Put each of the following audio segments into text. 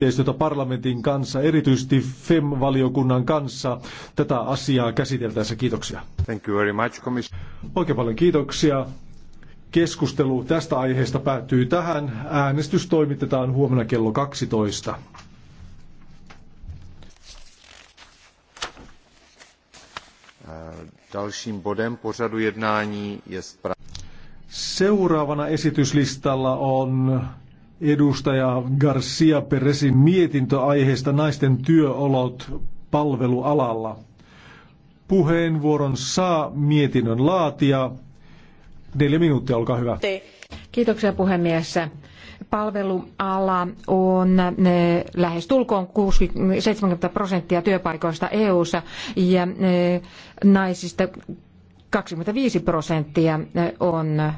yhteistyötä parlamentin kanssa, erityisesti FEM-valiokunnan kanssa tätä asiaa käsiteltäessä. Kiitoksia. Thank you very much, Oikein paljon kiitoksia. Keskustelu tästä aiheesta päättyy tähän. Äänestys toimitetaan huomenna kello 12. Dalším bodem pořadu jednání je Seuraavana esityslistalla on edustaja Garcia Peresin mietintö aiheesta naisten työolot palvelualalla. Puheenvuoron saa mietinnön laatia. Neljä minuuttia, olkaa hyvä. Kiitoksia puhemies. Palveluala on lähes tulkoon 60, 70 prosenttia työpaikoista EU-ssa ja eh, naisista 25 prosenttia eh, on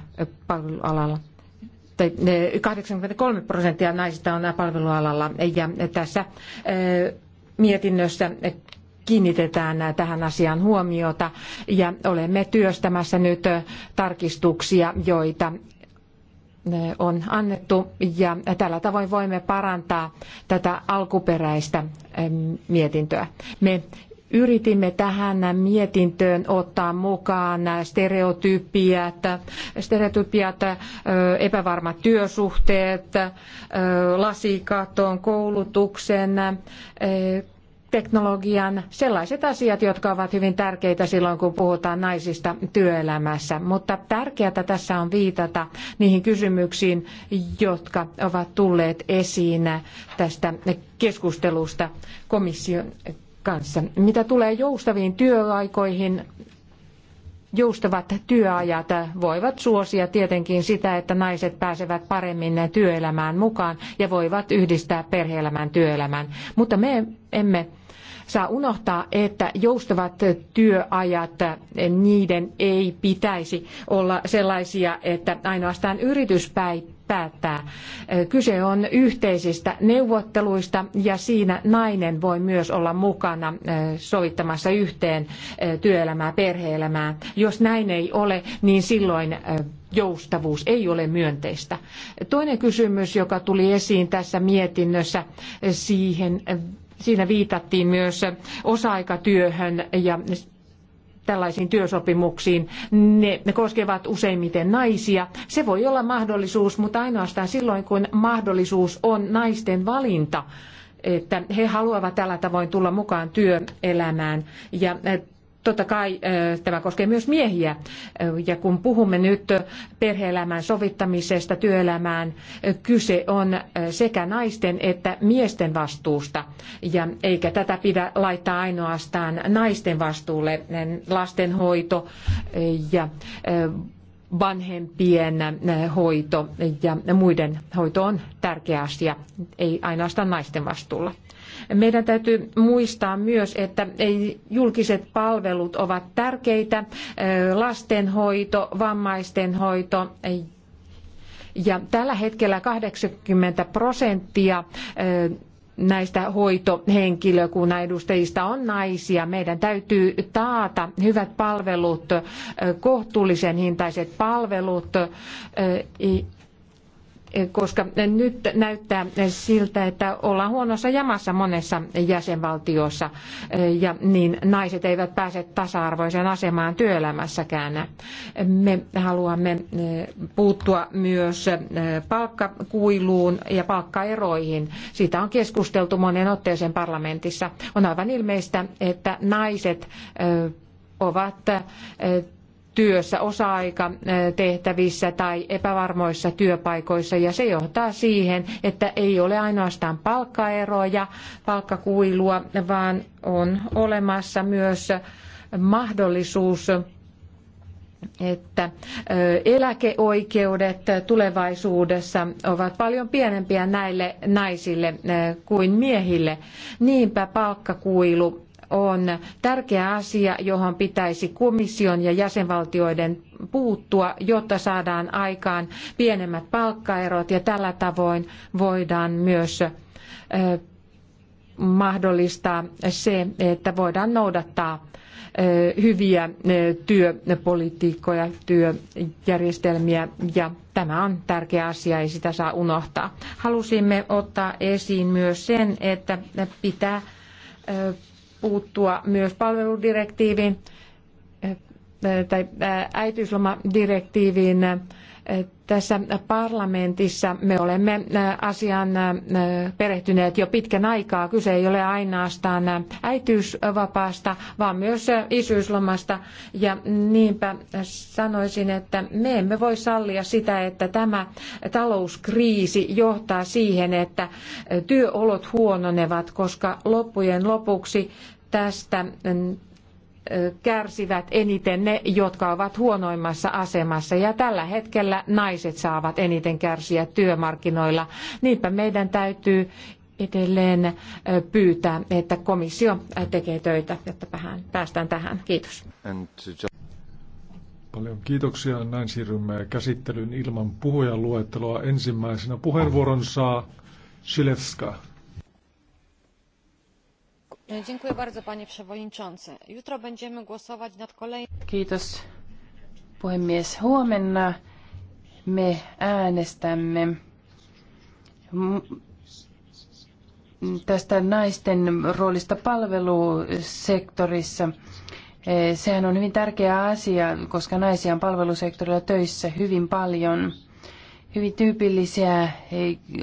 palvelualalla 83 eh, prosenttia naisista on palvelualalla ja tässä eh, mietinnössä kiinnitetään tähän asiaan huomiota ja olemme työstämässä nyt eh, tarkistuksia, joita on annettu ja tällä tavoin voimme parantaa tätä alkuperäistä mietintöä. Me Yritimme tähän mietintöön ottaa mukaan stereotypiat, stereotypiat epävarmat työsuhteet, lasikaton, koulutuksen, teknologian, sellaiset asiat, jotka ovat hyvin tärkeitä silloin, kun puhutaan naisista työelämässä. Mutta tärkeää tässä on viitata niihin kysymyksiin, jotka ovat tulleet esiin tästä keskustelusta komission kanssa. Mitä tulee joustaviin työaikoihin, joustavat työajat voivat suosia tietenkin sitä, että naiset pääsevät paremmin työelämään mukaan ja voivat yhdistää perheelämän työelämän. Mutta me emme saa unohtaa, että joustavat työajat, niiden ei pitäisi olla sellaisia, että ainoastaan yritys päättää. Kyse on yhteisistä neuvotteluista ja siinä nainen voi myös olla mukana sovittamassa yhteen työelämää, perheelämää. Jos näin ei ole, niin silloin joustavuus ei ole myönteistä. Toinen kysymys, joka tuli esiin tässä mietinnössä, siihen, siinä viitattiin myös osa-aikatyöhön ja tällaisiin työsopimuksiin. Ne, ne koskevat useimmiten naisia. Se voi olla mahdollisuus, mutta ainoastaan silloin, kun mahdollisuus on naisten valinta että he haluavat tällä tavoin tulla mukaan työelämään. Ja Totta kai tämä koskee myös miehiä. Ja kun puhumme nyt perheelämän sovittamisesta työelämään, kyse on sekä naisten että miesten vastuusta. Ja eikä tätä pidä laittaa ainoastaan naisten vastuulle lastenhoito ja vanhempien hoito ja muiden hoito on tärkeä asia, ei ainoastaan naisten vastuulla. Meidän täytyy muistaa myös, että julkiset palvelut ovat tärkeitä, lastenhoito, vammaistenhoito ja tällä hetkellä 80 prosenttia näistä hoitohenkilökunnan edustajista on naisia. Meidän täytyy taata hyvät palvelut, kohtuullisen hintaiset palvelut koska nyt näyttää siltä, että ollaan huonossa jamassa monessa jäsenvaltiossa ja niin naiset eivät pääse tasa-arvoiseen asemaan työelämässäkään. Me haluamme eh, puuttua myös eh, palkkakuiluun ja palkkaeroihin. Siitä on keskusteltu monen otteeseen parlamentissa. On aivan ilmeistä, että naiset eh, ovat työssä, osa-aikatehtävissä eh, tai epävarmoissa työpaikoissa ja se johtaa siihen, että ei ole ainoastaan palkkaeroja, palkkakuilua, vaan on olemassa myös mahdollisuus että eh, eläkeoikeudet tulevaisuudessa ovat paljon pienempiä näille naisille eh, kuin miehille. Niinpä palkkakuilu on tärkeä asia, johon pitäisi komission ja jäsenvaltioiden puuttua, jotta saadaan aikaan pienemmät palkkaerot ja tällä tavoin voidaan myös mahdollistaa se, että voidaan noudattaa hyviä työpolitiikkoja, työjärjestelmiä ja tämä on tärkeä asia, ei sitä saa unohtaa. Halusimme ottaa esiin myös sen, että pitää puuttua myös palveludirektiiviin tai äitiyslomadirektiiviin. Tässä parlamentissa me olemme asian perehtyneet jo pitkän aikaa. Kyse ei ole ainoastaan äitiysvapaasta, vaan myös isyyslomasta. Ja niinpä sanoisin, että me emme voi sallia sitä, että tämä talouskriisi johtaa siihen, että työolot huononevat, koska loppujen lopuksi tästä kärsivät eniten ne, jotka ovat huonoimmassa asemassa. Ja tällä hetkellä naiset saavat eniten kärsiä työmarkkinoilla. Niinpä meidän täytyy edelleen pyytää, että komissio tekee töitä, jotta päästään tähän. Kiitos. Paljon kiitoksia. Näin siirrymme käsittelyyn ilman puhujan luetteloa. Ensimmäisenä puheenvuoron saa Silevska. No Kiitos puhemies. Huomenna me äänestämme tästä naisten roolista palvelusektorissa. E, sehän on hyvin tärkeä asia, koska naisia on palvelusektorilla töissä hyvin paljon. Hyvin tyypillisiä e,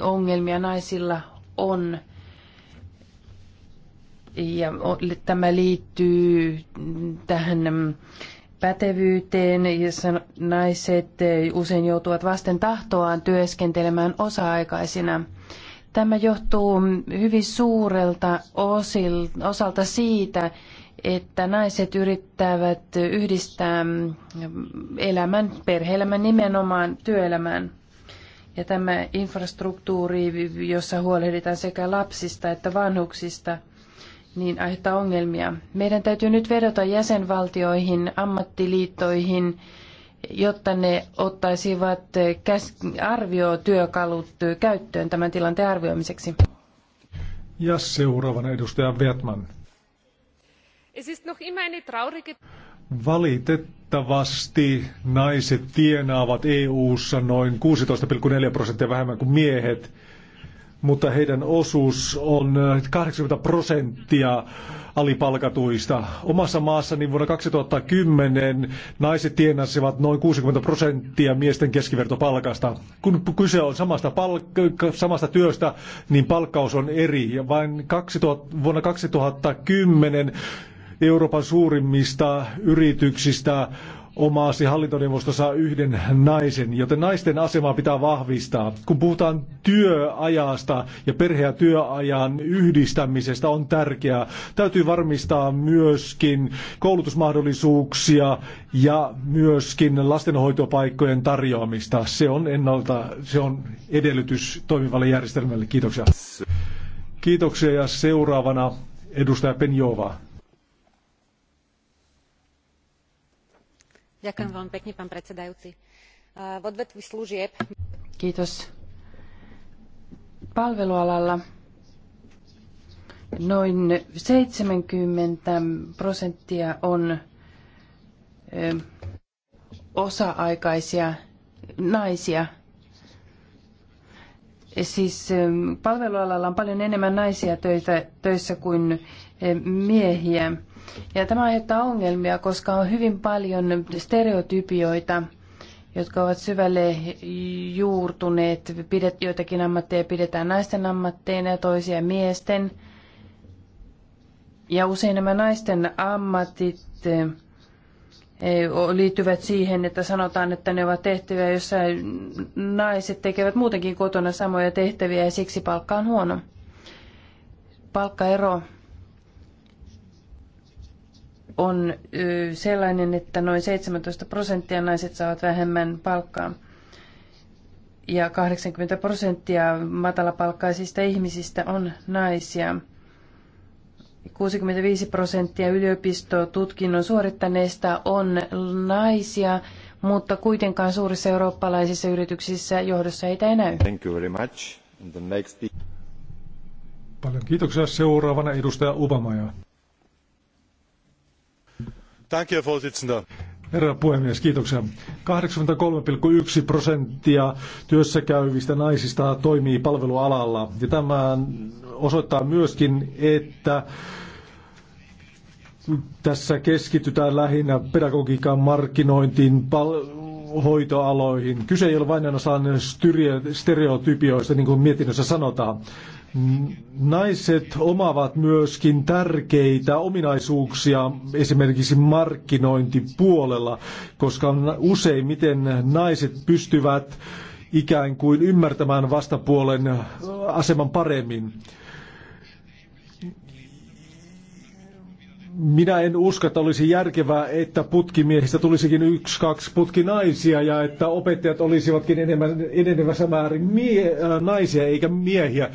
ongelmia naisilla on ja tämä liittyy tähän pätevyyteen, jossa naiset eh, usein joutuvat vasten tahtoaan työskentelemään osa-aikaisina. Tämä johtuu hyvin suurelta osalta siitä, että naiset yrittävät yhdistää mm, elämän, perhe-elämän nimenomaan työelämään. Ja tämä infrastruktuuri, jossa huolehditaan sekä lapsista että vanhuksista – niin aiheuttaa ongelmia. Meidän täytyy nyt vedota jäsenvaltioihin, ammattiliittoihin, jotta ne ottaisivat arviotyökalut käyttöön tämän tilanteen arvioimiseksi. Ja seuraavana edustaja Vetman. Valitettavasti naiset tienaavat EU-ssa noin 16,4 prosenttia vähemmän kuin miehet mutta heidän osuus on 80 prosenttia alipalkatuista. Omassa maassani vuonna 2010 naiset tienasivat noin 60 prosenttia miesten keskivertopalkasta. Kun kyse on samasta, palk- samasta työstä, niin palkkaus on eri. Ja vain 2000, vuonna 2010 Euroopan suurimmista yrityksistä omaasi hallintoneuvosto saa yhden naisen, joten naisten asemaa pitää vahvistaa. Kun puhutaan työajasta ja perhe- ja työajan yhdistämisestä on tärkeää, täytyy varmistaa myöskin koulutusmahdollisuuksia ja myöskin lastenhoitopaikkojen tarjoamista. Se on ennalta, se on edellytys toimivalle järjestelmälle. Kiitoksia. Kiitoksia ja seuraavana edustaja Penjova. v odvetví služieb Kiitos. Palvelualalla noin 70 prosenttia on osa-aikaisia naisia. Siis palvelualalla on paljon enemmän naisia töitä, töissä kuin miehiä. Ja tämä aiheuttaa ongelmia, koska on hyvin paljon stereotypioita, jotka ovat syvälle juurtuneet. Pidet, joitakin ammatteja pidetään naisten ammatteina ja toisia miesten. Ja usein nämä naisten ammatit eh, liittyvät siihen, että sanotaan, että ne ovat tehtäviä, joissa naiset tekevät muutenkin kotona samoja tehtäviä ja siksi palkka on huono. Palkkaero on sellainen, että noin 17 prosenttia naiset saavat vähemmän palkkaa ja 80 prosenttia matalapalkkaisista ihmisistä on naisia. 65 prosenttia yliopistotutkinnon suorittaneista on naisia, mutta kuitenkaan suurissa eurooppalaisissa yrityksissä johdossa heitä ei näy. Thank you very much. The next... Paljon kiitoksia. Seuraavana edustaja Upamaja. Danke, Herr Herra puhemies, kiitoksia. 83,1 prosenttia työssä käyvistä naisista toimii palvelualalla. Ja tämä osoittaa myöskin, että tässä keskitytään lähinnä pedagogiikan markkinointiin, hoitoaloihin. Kyse ei ole vain ainoastaan stereotypioista, niin kuin mietinnössä sanotaan. Naiset omaavat myöskin tärkeitä ominaisuuksia esimerkiksi markkinointipuolella, koska useimmiten naiset pystyvät ikään kuin ymmärtämään vastapuolen äh, aseman paremmin. Minä en usko, että olisi järkevää, että putkimiehistä tulisikin yksi, kaksi putkinaisia ja että opettajat olisivatkin enemmän, enenevässä määrin mie- äh, naisia eikä miehiä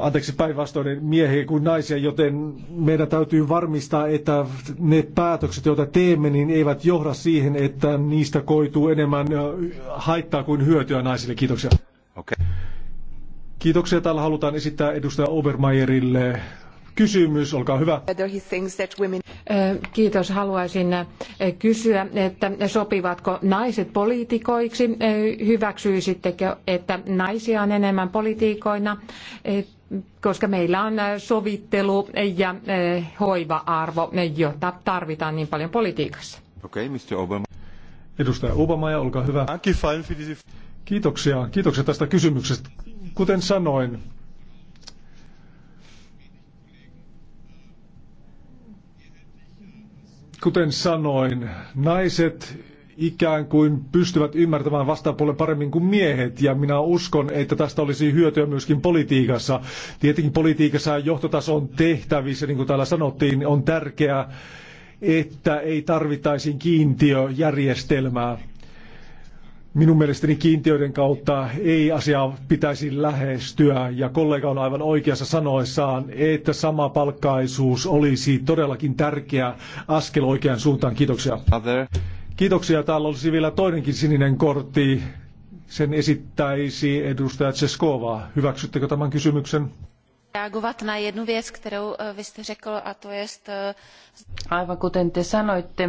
anteeksi päinvastoin niin miehiä kuin naisia, joten meidän täytyy varmistaa, että ne päätökset, joita teemme, niin eivät johda siihen, että niistä koituu enemmän haittaa kuin hyötyä naisille. Kiitoksia. Okay. Kiitoksia. Täällä halutaan esittää edustaja Obermeierille kysymys. Olkaa hyvä. Kiitos. Haluaisin kysyä, että sopivatko naiset poliitikoiksi? Hyväksyisittekö, että naisia on enemmän poliitikoina? koska meillä on sovittelu ja hoiva-arvo, jota tarvitaan niin paljon politiikassa. Okei, okay, Mr. Obama. Edustaja Obama, ja olkaa hyvä. Kiitoksia. Kiitoksia tästä kysymyksestä. Kuten sanoin, Kuten sanoin, naiset ikään kuin pystyvät ymmärtämään vastapuolen paremmin kuin miehet, ja minä uskon, että tästä olisi hyötyä myöskin politiikassa. Tietenkin politiikassa johtotason tehtävissä, niin kuin täällä sanottiin, on tärkeää, että ei tarvittaisi kiintiöjärjestelmää. Minun mielestäni kiintiöiden kautta ei asiaa pitäisi lähestyä ja kollega on aivan oikeassa sanoessaan, että sama palkkaisuus olisi todellakin tärkeä askel oikeaan suuntaan. Kiitoksia. Kiitoksia. Täällä olisi vielä toinenkin sininen kortti. Sen esittäisi edustaja Cheskova. Hyväksyttekö tämän kysymyksen? reagovat na jednu věc, kterou eh, vy jste řekl, a to jest... Eh, aivan kuten te sanoitte,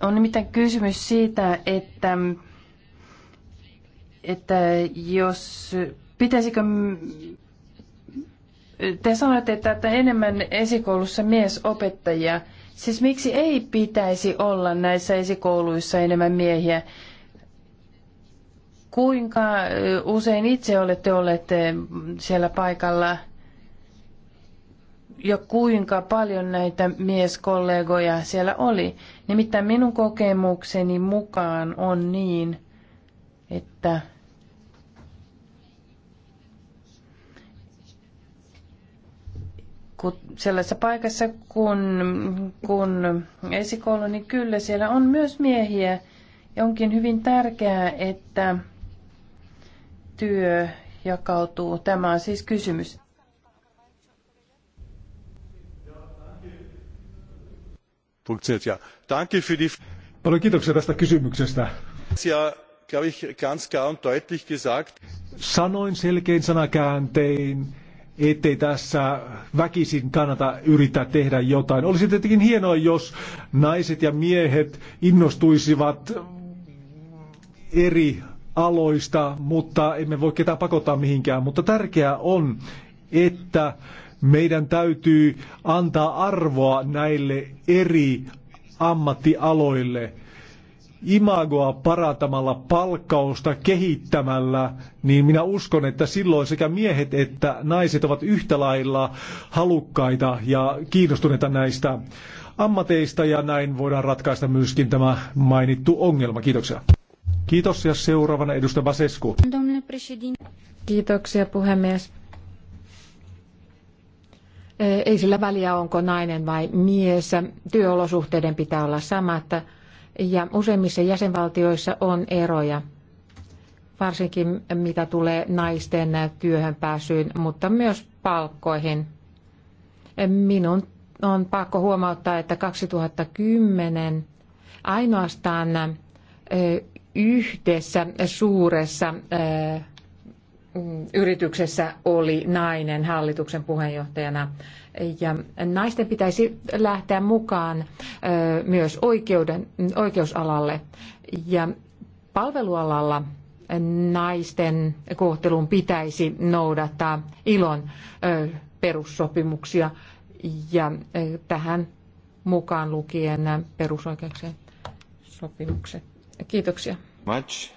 on nimittäin kysymys siitä, että, että jos pitäisikö... Te sanoitte, että, että enemmän esikoulussa miesopettajia. Siis miksi ei pitäisi olla näissä esikouluissa enemmän miehiä? Kuinka usein itse olette olleet siellä paikalla – ja kuinka paljon näitä mieskollegoja siellä oli. Nimittäin minun kokemukseni mukaan on niin, että kun sellaisessa paikassa kun, kun esikoulu, niin kyllä siellä on myös miehiä. Ja onkin hyvin tärkeää, että työ jakautuu. Tämä on siis kysymys. funktioniert. Ja, danke für die... Paljon kiitoksia tästä kysymyksestä. Sanoin selkein sanakääntein, ettei tässä väkisin kannata yrittää tehdä jotain. Olisi tietenkin hienoa, jos naiset ja miehet innostuisivat eri aloista, mutta emme voi ketään pakottaa mihinkään. Mutta tärkeää on, että meidän täytyy antaa arvoa näille eri ammattialoille imagoa parantamalla, palkkausta kehittämällä, niin minä uskon, että silloin sekä miehet että naiset ovat yhtä lailla halukkaita ja kiinnostuneita näistä ammateista ja näin voidaan ratkaista myöskin tämä mainittu ongelma. Kiitoksia. Kiitos ja seuraavana edustaja Basescu. Kiitoksia puhemies. Ei sillä väliä, onko nainen vai mies. Työolosuhteiden pitää olla samat. Ja useimmissa jäsenvaltioissa on eroja, varsinkin mitä tulee naisten työhön pääsyyn, mutta myös palkkoihin. Minun on pakko huomauttaa, että 2010 ainoastaan yhdessä suuressa Mm, yrityksessä oli nainen hallituksen puheenjohtajana. Ja naisten pitäisi lähteä mukaan myös oikeuden, oikeusalalle. Ja palvelualalla naisten kohtelun pitäisi noudattaa ilon perussopimuksia ja tähän mukaan lukien perusoikeuksien sopimukset. Kiitoksia. Much.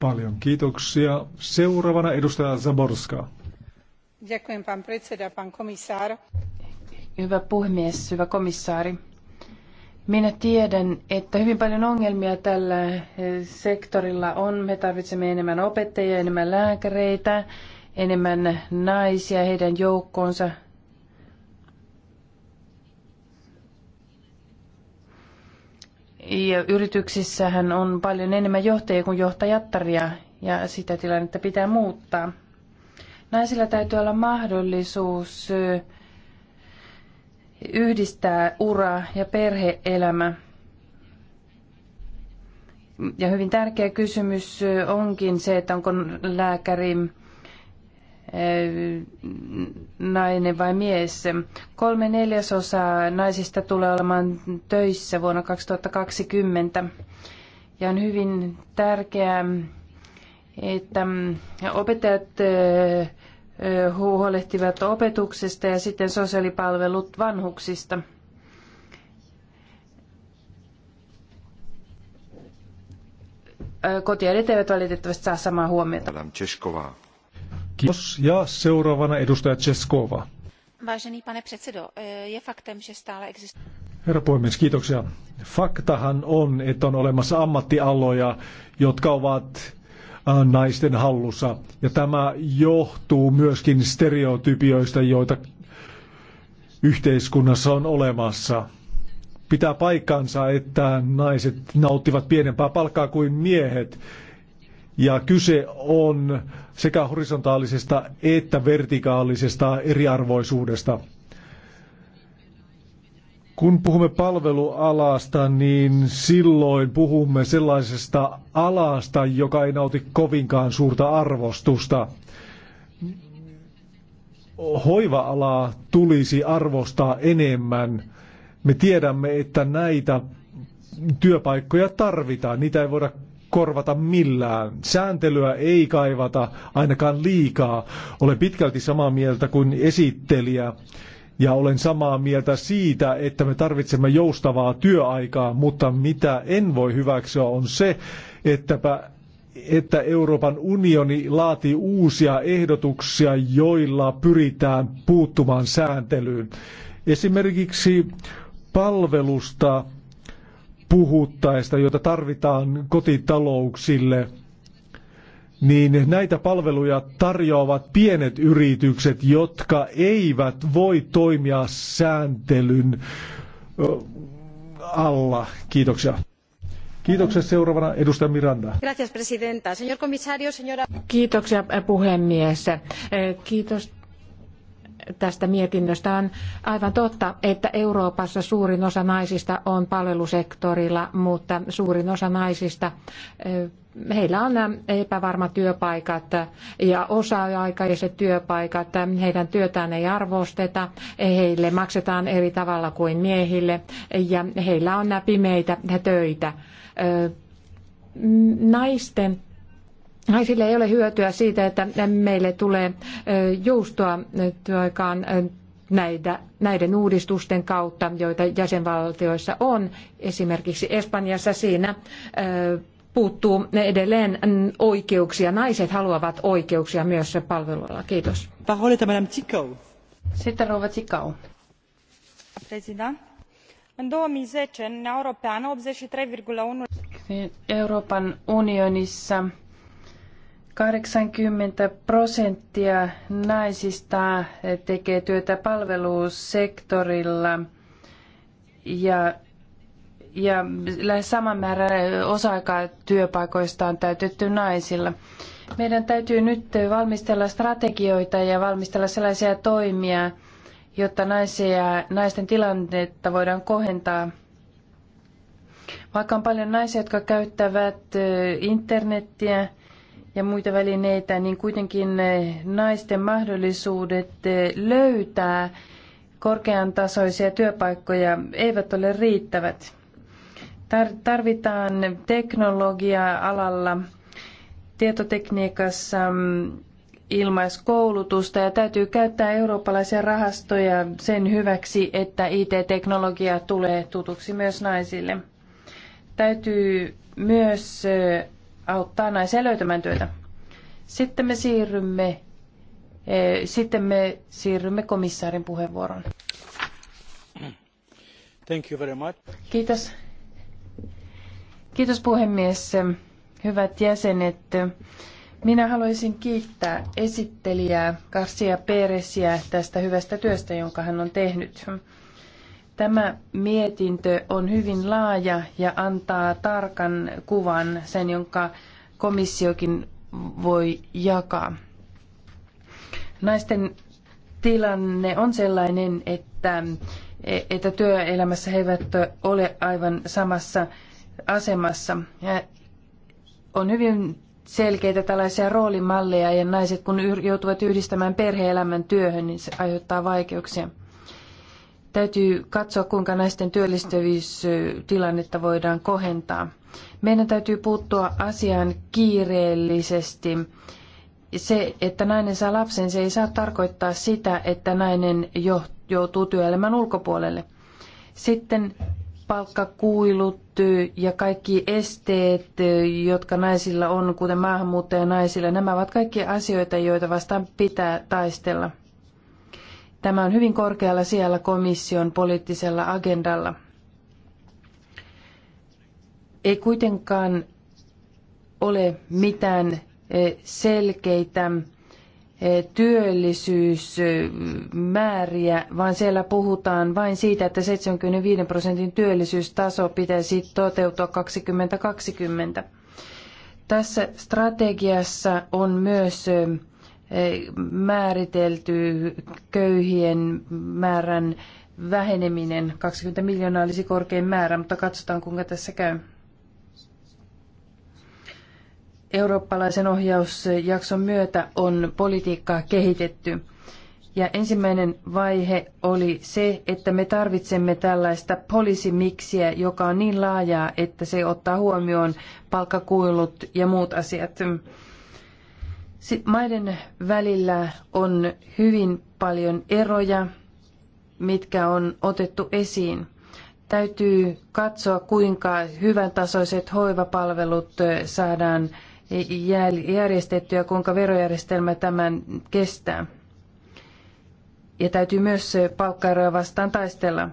Paljon kiitoksia. Seuraavana edustaja Zaborska. Ďakujem, Hyvä puhemies, hyvä komissaari. Minä tiedän, että hyvin paljon ongelmia tällä eh, sektorilla on. Me tarvitsemme enemmän opettajia, enemmän lääkäreitä, enemmän naisia heidän joukkoonsa Ja yrityksissähän on paljon enemmän johtajia kuin johtajattaria ja sitä tilannetta pitää muuttaa. Naisilla täytyy olla mahdollisuus yhdistää ura ja perheelämä. Ja hyvin tärkeä kysymys onkin se, että onko lääkäri nainen vai mies. Kolme neljäsosaa naisista tulee olemaan töissä vuonna 2020. Ja on hyvin tärkeää, että opettajat huolehtivat opetuksesta ja sitten sosiaalipalvelut vanhuksista. Kotiäidit eivät valitettavasti saa samaa huomiota. Kiitos. Ja seuraavana edustaja Cheskova. Vážený pane předsedo, eh, je faktem, že stále existuje... Herra puhemies, kiitoksia. Faktahan on, että on olemassa ammattialoja, jotka ovat eh, naisten hallussa. Ja tämä johtuu myöskin stereotypioista, joita yhteiskunnassa on olemassa. Pitää paikkansa, että naiset nauttivat pienempää palkkaa kuin miehet. Ja kyse on sekä horisontaalisesta että vertikaalisesta eriarvoisuudesta. Kun puhumme palvelualasta, niin silloin puhumme sellaisesta alasta, joka ei nauti kovinkaan suurta arvostusta. Hoiva-alaa tulisi arvostaa enemmän. Me tiedämme, että näitä työpaikkoja tarvitaan. Niitä ei voida korvata millään. Sääntelyä ei kaivata ainakaan liikaa. Olen pitkälti samaa mieltä kuin esittelijä. Ja olen samaa mieltä siitä, että me tarvitsemme joustavaa työaikaa, mutta mitä en voi hyväksyä on se, ettäpä, että Euroopan unioni laatii uusia ehdotuksia, joilla pyritään puuttumaan sääntelyyn. Esimerkiksi palvelusta puhuttaista, joita tarvitaan kotitalouksille, niin näitä palveluja tarjoavat pienet yritykset, jotka eivät voi toimia sääntelyn alla. Kiitoksia. Kiitoksia. Seuraavana edustaja Miranda. Gracias, presidenta. Señor comisario, señora... Kiitoksia puhemies. Kiitos tästä mietinnöstä. On aivan totta, että Euroopassa suurin osa naisista on palvelusektorilla, mutta suurin osa naisista eh, heillä on epävarmat työpaikat ja osa-aikaiset työpaikat. Heidän työtään ei arvosteta, heille maksetaan eri tavalla kuin miehille ja heillä on pimeitä töitä. Eh, naisten Naisille ei ole hyötyä siitä, että meille tulee joustoa työaikaan näitä, näiden uudistusten kautta, joita jäsenvaltioissa on. Esimerkiksi Espanjassa siinä puuttuu edelleen oikeuksia. Naiset haluavat oikeuksia myös palveluilla. Kiitos. Sitten rouva Tikau. Euroopan unionissa 80 prosenttia naisista tekee työtä palvelusektorilla ja, ja lähes sama määrä osa-aikatyöpaikoista on täytetty naisilla. Meidän täytyy nyt valmistella strategioita ja valmistella sellaisia toimia, jotta naisia, naisten tilannetta voidaan kohentaa. Vaikka on paljon naisia, jotka käyttävät eh, internettiä, ja muita välineitä, niin kuitenkin eh, naisten mahdollisuudet eh, löytää korkean tasoisia työpaikkoja eivät ole riittävät. Tarvitaan teknologia-alalla, tietotekniikassa mm, ilmaiskoulutusta ja täytyy käyttää eurooppalaisia rahastoja sen hyväksi, että IT-teknologia tulee tutuksi myös naisille. Täytyy myös eh, auttaa naisia löytämään työtä. Sitten me siirrymme, eh, sitten me siirrymme komissaarin puheenvuoroon. Thank you very much. Kiitos. Kiitos puhemies. Hyvät jäsenet, minä haluaisin kiittää esittelijää Garcia Peresiä tästä hyvästä työstä, jonka hän on tehnyt. Tämä mietintö on hyvin laaja ja antaa tarkan kuvan sen, jonka komissiokin voi jakaa. Naisten tilanne on sellainen, että, että työelämässä he eivät ole aivan samassa asemassa. Ja on hyvin selkeitä tällaisia roolimalleja ja naiset kun joutuvat yhdistämään perhe-elämän työhön, niin se aiheuttaa vaikeuksia. Täytyy katsoa, kuinka naisten työllistävyystilannetta voidaan kohentaa. Meidän täytyy puuttua asiaan kiireellisesti. Se, että nainen saa lapsen, se ei saa tarkoittaa sitä, että nainen joutuu työelämän ulkopuolelle. Sitten palkkakuilut ja kaikki esteet, jotka naisilla on, kuten maahanmuuttajanaisilla, nämä ovat kaikki asioita, joita vastaan pitää taistella. Tämä on hyvin korkealla siellä komission poliittisella agendalla. Ei kuitenkaan ole mitään eh, selkeitä eh, työllisyysmääriä, vaan siellä puhutaan vain siitä, että 75 prosentin työllisyystaso pitäisi toteutua 2020. Tässä strategiassa on myös eh, määritelty köyhien määrän väheneminen. 20 miljoonaa olisi korkein määrä, mutta katsotaan kuinka tässä käy. Eurooppalaisen ohjausjakson myötä on politiikkaa kehitetty. Ja ensimmäinen vaihe oli se, että me tarvitsemme tällaista poliisimiksiä, joka on niin laajaa, että se ottaa huomioon palkkakuilut ja muut asiat. Maiden välillä on hyvin paljon eroja, mitkä on otettu esiin. Täytyy katsoa, kuinka hyvän tasoiset hoivapalvelut saadaan järjestettyä, kuinka verojärjestelmä tämän kestää. Ja täytyy myös palkkaeroja vastaan taistella.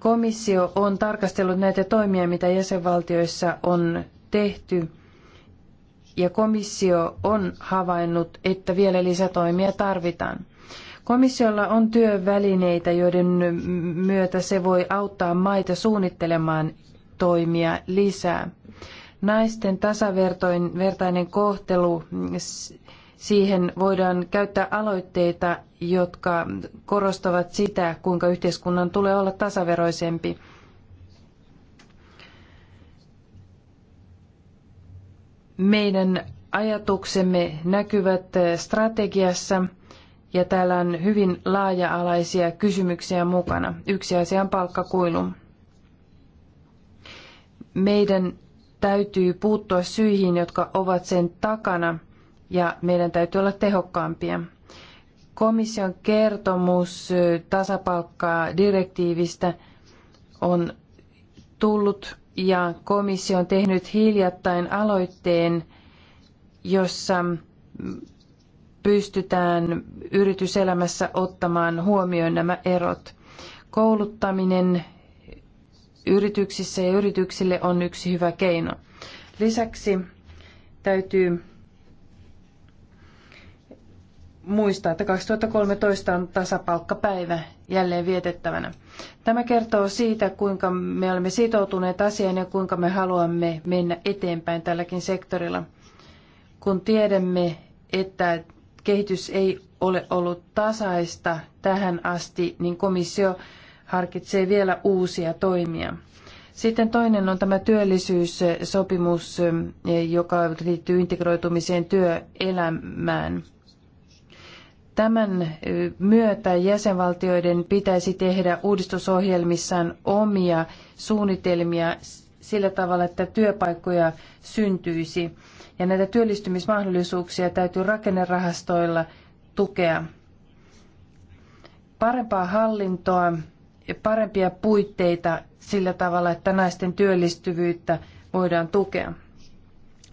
Komissio on tarkastellut näitä toimia, mitä jäsenvaltioissa on tehty ja komissio on havainnut, että vielä lisätoimia tarvitaan. Komissiolla on työvälineitä, joiden myötä se voi auttaa maita suunnittelemaan toimia lisää. Naisten tasavertainen kohtelu, siihen voidaan käyttää aloitteita, jotka korostavat sitä, kuinka yhteiskunnan tulee olla tasaveroisempi. Meidän ajatuksemme näkyvät strategiassa ja täällä on hyvin laaja-alaisia kysymyksiä mukana. Yksi asia on palkkakuilu. Meidän täytyy puuttua syihin, jotka ovat sen takana ja meidän täytyy olla tehokkaampia. Komission kertomus tasapalkkaa direktiivistä on tullut ja komissio on tehnyt hiljattain aloitteen, jossa pystytään yrityselämässä ottamaan huomioon nämä erot. Kouluttaminen yrityksissä ja yrityksille on yksi hyvä keino. Lisäksi täytyy muistaa, että 2013 on tasapalkkapäivä jälleen vietettävänä. Tämä kertoo siitä, kuinka me olemme sitoutuneet asiaan ja kuinka me haluamme mennä eteenpäin tälläkin sektorilla. Kun tiedämme, että kehitys ei ole ollut tasaista tähän asti, niin komissio harkitsee vielä uusia toimia. Sitten toinen on tämä työllisyyssopimus, joka liittyy integroitumiseen työelämään. Tämän myötä jäsenvaltioiden pitäisi tehdä uudistusohjelmissaan omia suunnitelmia sillä tavalla, että työpaikkoja syntyisi. Ja näitä työllistymismahdollisuuksia täytyy rakennerahastoilla tukea. Parempaa hallintoa ja parempia puitteita sillä tavalla, että naisten työllistyvyyttä voidaan tukea.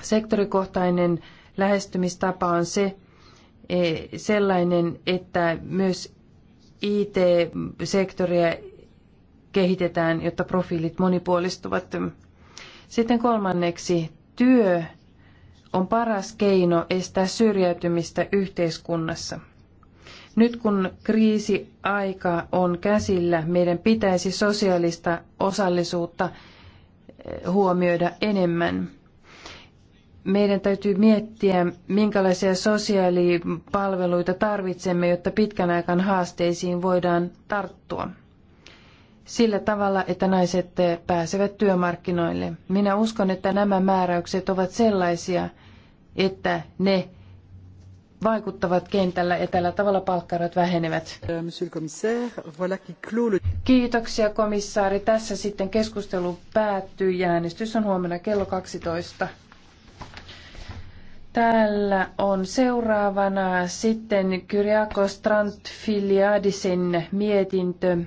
Sektorikohtainen lähestymistapa on se, Eh, sellainen, että myös IT-sektoria kehitetään, jotta profiilit monipuolistuvat. Sitten kolmanneksi, työ on paras keino estää syrjäytymistä yhteiskunnassa. Nyt kun kriisiaika on käsillä, meidän pitäisi sosiaalista osallisuutta eh, huomioida enemmän meidän täytyy miettiä, minkälaisia sosiaalipalveluita tarvitsemme, jotta pitkän aikan haasteisiin voidaan tarttua sillä tavalla, että naiset pääsevät työmarkkinoille. Minä uskon, että nämä määräykset ovat sellaisia, että ne vaikuttavat kentällä ja tällä tavalla palkkarot vähenevät. Kiitoksia komissaari. Tässä sitten keskustelu päättyy ja äänestys on huomenna kello 12. Täällä on seuraavana sitten Kyriakos Trantfiliadisin mietintö